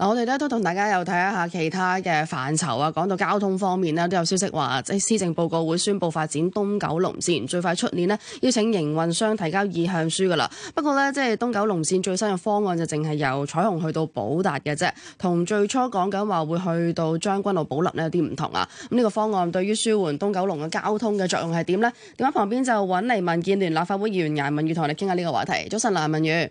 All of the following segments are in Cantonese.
嗱、啊，我哋咧都同大家又睇一下其他嘅範疇啊，講到交通方面呢，都有消息話，即係施政報告會宣布發展東九龍綫最快出年呢邀請營運商提交意向書噶啦。不過呢，即係東九龍綫最新嘅方案就淨係由彩虹去到寶達嘅啫，同最初講緊話會去到將軍澳寶林呢，有啲唔同啊。咁、這、呢個方案對於舒緩東九龍嘅交通嘅作用係點呢？電話旁邊就揾嚟民建聯立法會議員顏汶羽同我哋傾下呢個話題。早晨，顏汶羽。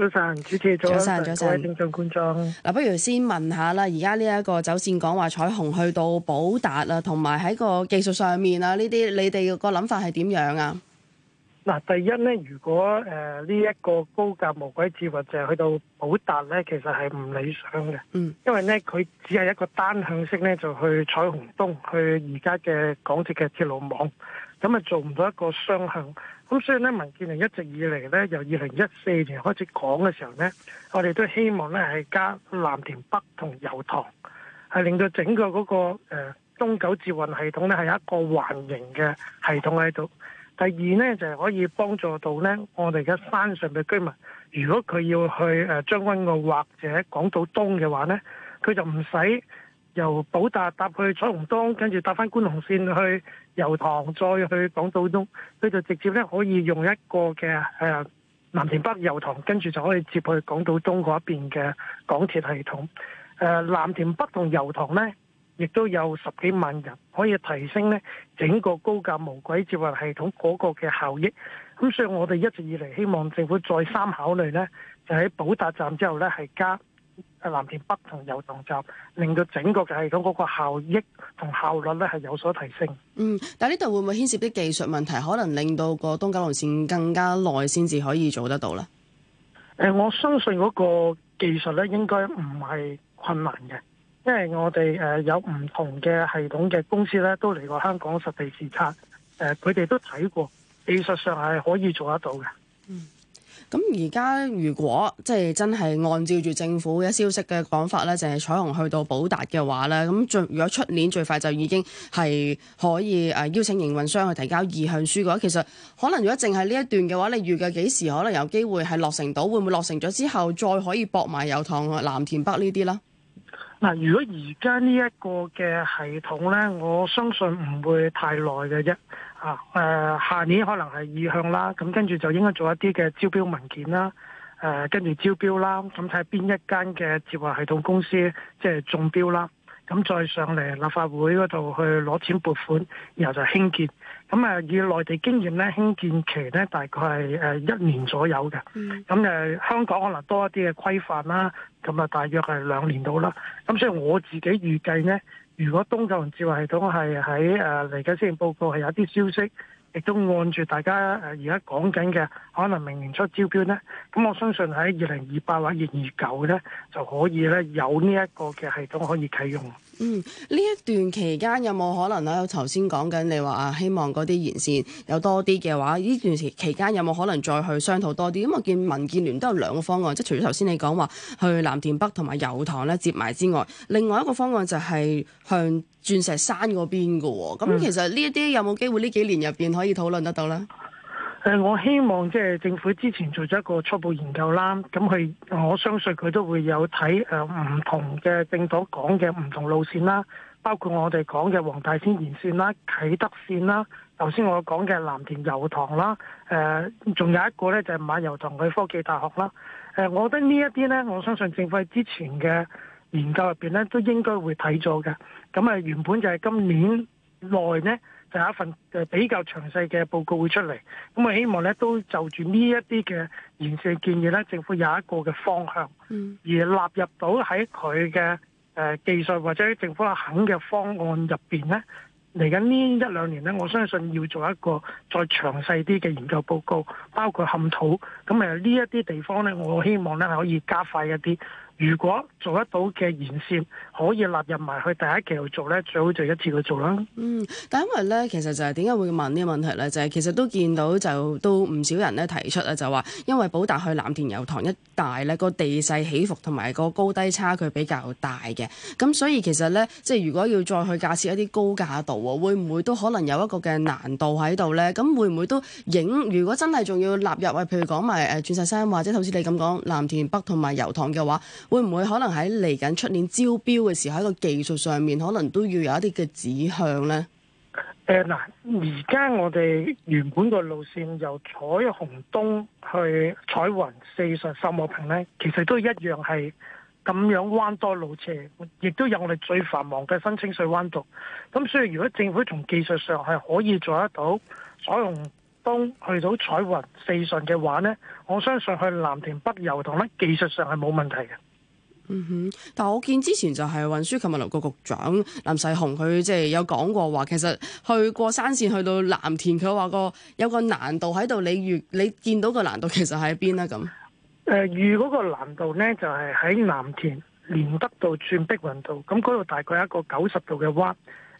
早晨，主持人早晨，早晨，各位聽眾觀眾。嗱，啊，不如先問下啦，而家呢一個走綫講話彩虹去到寶達啦，同埋喺個技術上面啊，呢啲你哋個諗法係點樣啊？嗱，第一咧，如果誒呢一個高架無軌捷運或者去到寶達咧，其實係唔理想嘅，因為咧佢只係一個單向式咧，就去彩虹東，去而家嘅港鐵嘅鐵路網，咁啊做唔到一個雙向。咁所以咧，民建聯一直以嚟咧，由二零一四年開始講嘅時候咧，我哋都希望咧係加藍田北同油塘，係令到整個嗰、那個誒、呃、東九捷運系統咧係一個環形嘅系統喺度。第二呢，就係、是、可以幫助到呢我哋嘅山上嘅居民，如果佢要去誒將軍澳或者港島東嘅話呢，佢就唔使由寶達搭去彩虹東，跟住搭翻觀塘線去油塘再去港島東，佢就直接呢可以用一個嘅誒、呃、藍田北油塘，跟住就可以接去港島東嗰一邊嘅港鐵系統。誒、呃、藍田北同油塘呢。亦都有十幾萬人可以提升咧整個高架無軌接駁系統嗰個嘅效益。咁所以我哋一直以嚟希望政府再三考慮咧，就喺寶達站之後咧係加藍田北同油塘站，令到整個嘅系統嗰個效益同效率咧係有所提升。嗯，但係呢度會唔會牽涉啲技術問題，可能令到個東九龍線更加耐先至可以做得到咧？誒、呃，我相信嗰個技術咧應該唔係困難嘅。因為我哋誒有唔同嘅系統嘅公司咧，都嚟過香港實地視察，誒佢哋都睇過，技術上係可以做得到嘅。嗯，咁而家如果即係真係按照住政府嘅消息嘅講法咧，就係彩虹去到寶達嘅話咧，咁最如果出年最快就已經係可以誒邀請營運商去提交意向書嘅話，其實可能如果淨係呢一段嘅話，你預計幾時可能有機會係落成到？會唔會落成咗之後再可以駁埋油塘、藍田北呢啲啦？嗱，如果而家呢一個嘅系統呢，我相信唔會太耐嘅啫。嚇、啊，誒、啊，下年可能係意向啦，咁跟住就應該做一啲嘅招標文件啦，啊、跟住招標啦，咁睇下邊一間嘅接話系統公司即係中標啦。咁再上嚟立法會嗰度去攞錢撥款，然後就興建。咁啊，以內地經驗咧，興建期咧大概係誒一年左右嘅。咁誒、嗯、香港可能多一啲嘅規範啦，咁啊大約係兩年到啦。咁所以我自己預計呢，如果東九龍智慧系統係喺誒嚟緊，施政、呃、報告係有啲消息。亦都按住大家而家講緊嘅，可能明年出招標咧。咁我相信喺二零二八或者二二九咧，就可以咧有呢一個嘅系統可以啟用。嗯，呢一段期間有冇可能啊？頭先講緊你話啊，希望嗰啲延線有多啲嘅話，呢段時期間有冇可能再去商討多啲？咁我見民建聯都有兩個方案，即係除咗頭先你講話去藍田北同埋油塘咧接埋之外，另外一個方案就係向鑽石山嗰邊嘅喎。咁其實呢一啲有冇機會呢、嗯、幾年入邊。可以討論得到啦。誒，我希望即係政府之前做咗一個初步研究啦，咁佢我相信佢都會有睇誒唔同嘅政黨講嘅唔同路線啦，包括我哋講嘅黃大仙沿線啦、啟德線啦，頭先我講嘅藍田油塘啦，誒、呃，仲有一個呢，就係、是、馬油塘去科技大學啦。誒、呃，我覺得呢一啲呢，我相信政府喺之前嘅研究入邊呢，都應該會睇咗嘅。咁、呃、啊，原本就係今年。內呢就有一份誒比較詳細嘅報告會出嚟，咁我希望呢都就住呢一啲嘅完善建議呢，政府有一個嘅方向，而納入到喺佢嘅技術或者政府肯嘅方案入邊呢，嚟緊呢一兩年呢，我相信要做一個再詳細啲嘅研究報告，包括冚土，咁誒呢一啲地方呢，我希望呢可以加快一啲。如果做得到嘅沿線可以納入埋去第一期去做呢，最好就一次去做啦。嗯，但因為呢，其實就係點解會問呢個問題呢，就係、是、其實都見到就都唔少人呢提出啊，就話因為寶達去藍田油塘一帶呢個地勢起伏同埋個高低差距比較大嘅，咁所以其實呢，即係如果要再去架設一啲高架度，會唔會都可能有一個嘅難度喺度呢？咁會唔會都影？如果真係仲要納入啊，譬如講埋誒鑽石山或者好似你咁講藍田北同埋油塘嘅話。會唔會可能喺嚟緊出年招標嘅時候，喺個技術上面可能都要有一啲嘅指向呢？誒、呃，嗱，而家我哋原本個路線由彩虹東去彩雲四順、秀茂坪呢，其實都一樣係咁樣彎多路斜，亦都有我哋最繁忙嘅新清水灣道。咁所以，如果政府從技術上係可以做得到彩虹東去到彩雲四順嘅話呢，我相信去藍田北油塘呢技術上係冇問題嘅。嗯哼，但係我見之前就係運輸及物流局局長林世雄佢即係有講過話，其實去過山線去到藍田，佢話個有個難度喺度，你遇你見到個難度其實喺邊咧？咁，誒遇嗰個難度呢，就係喺藍田連德道轉碧雲道，咁嗰度大概一個九十度嘅彎。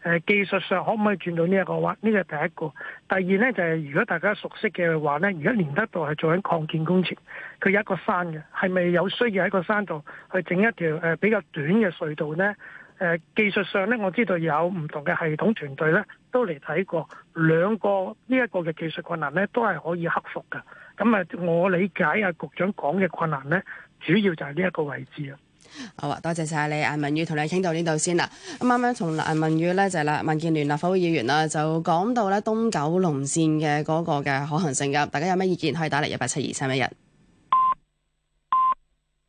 誒、呃、技術上可唔可以轉到呢、這、一個位？呢、這個係第一個。第二呢，就係、是、如果大家熟悉嘅話呢，而家連德道係做緊擴建工程，佢有一個山嘅，係咪有需要喺個山度去整一條誒比較短嘅隧道呢？誒、呃、技術上呢，我知道有唔同嘅系統團隊呢都嚟睇過，兩個呢一個嘅技術困難呢，都係可以克服嘅。咁啊，我理解啊局長講嘅困難呢，主要就係呢一個位置啊。好啊，多謝晒你，顏汶羽同你傾到呢度先啦。咁啱啱同顏汶羽咧就係、是、啦，民建聯立法會議員啦，就講到咧東九龍線嘅嗰個嘅可行性噶，大家有咩意見可以打嚟一八七二三一一。